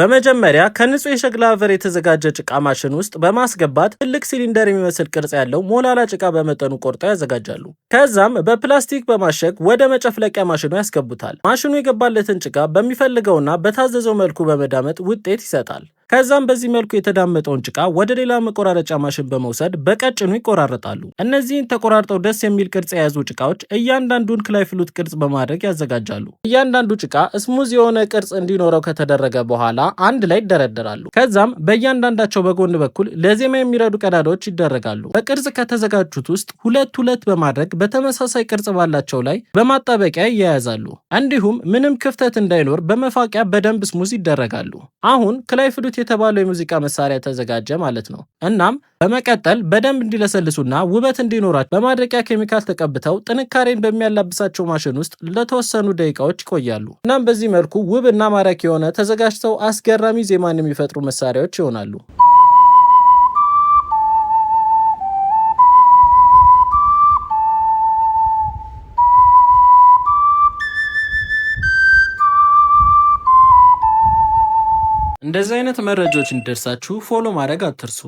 በመጀመሪያ ከንጹህ የሸክላ አፈር የተዘጋጀ ጭቃ ማሽን ውስጥ በማስገባት ትልቅ ሲሊንደር የሚመስል ቅርጽ ያለው ሞላላ ጭቃ በመጠኑ ቆርጠው ያዘጋጃሉ። ከዛም በፕላስቲክ በማሸግ ወደ መጨፍለቂያ ማሽኑ ያስገቡታል። ማሽኑ የገባለትን ጭቃ በሚፈልገውና በታዘዘው መልኩ በመዳመጥ ውጤት ይሰጣል። ከዛም በዚህ መልኩ የተዳመጠውን ጭቃ ወደ ሌላ መቆራረጫ ማሽን በመውሰድ በቀጭኑ ይቆራረጣሉ። እነዚህን ተቆራርጠው ደስ የሚል ቅርጽ የያዙ ጭቃዎች እያንዳንዱን ክላይፍሉት ቅርጽ በማድረግ ያዘጋጃሉ። እያንዳንዱ ጭቃ ስሙዝ የሆነ ቅርጽ እንዲኖረው ከተደረገ በኋላ አንድ ላይ ይደረደራሉ። ከዛም በእያንዳንዳቸው በጎን በኩል ለዜማ የሚረዱ ቀዳዳዎች ይደረጋሉ። በቅርጽ ከተዘጋጁት ውስጥ ሁለት ሁለት በማድረግ በተመሳሳይ ቅርጽ ባላቸው ላይ በማጣበቂያ ይያያዛሉ። እንዲሁም ምንም ክፍተት እንዳይኖር በመፋቂያ በደንብ ስሙዝ ይደረጋሉ። አሁን ክላይፍሉት የተባለው የሙዚቃ መሳሪያ ተዘጋጀ ማለት ነው። እናም በመቀጠል በደንብ እንዲለሰልሱና ውበት እንዲኖራቸው በማድረቂያ ኬሚካል ተቀብተው ጥንካሬን በሚያላብሳቸው ማሽን ውስጥ ለተወሰኑ ደቂቃዎች ይቆያሉ። እናም በዚህ መልኩ እና ማራኪ የሆነ ተዘጋጅተው አስገራሚ ዜማን የሚፈጥሩ መሳሪያዎች ይሆናሉ። እንደዚህ አይነት መረጃዎች እንዲደርሳችሁ ፎሎ ማድረግ አትርሱ።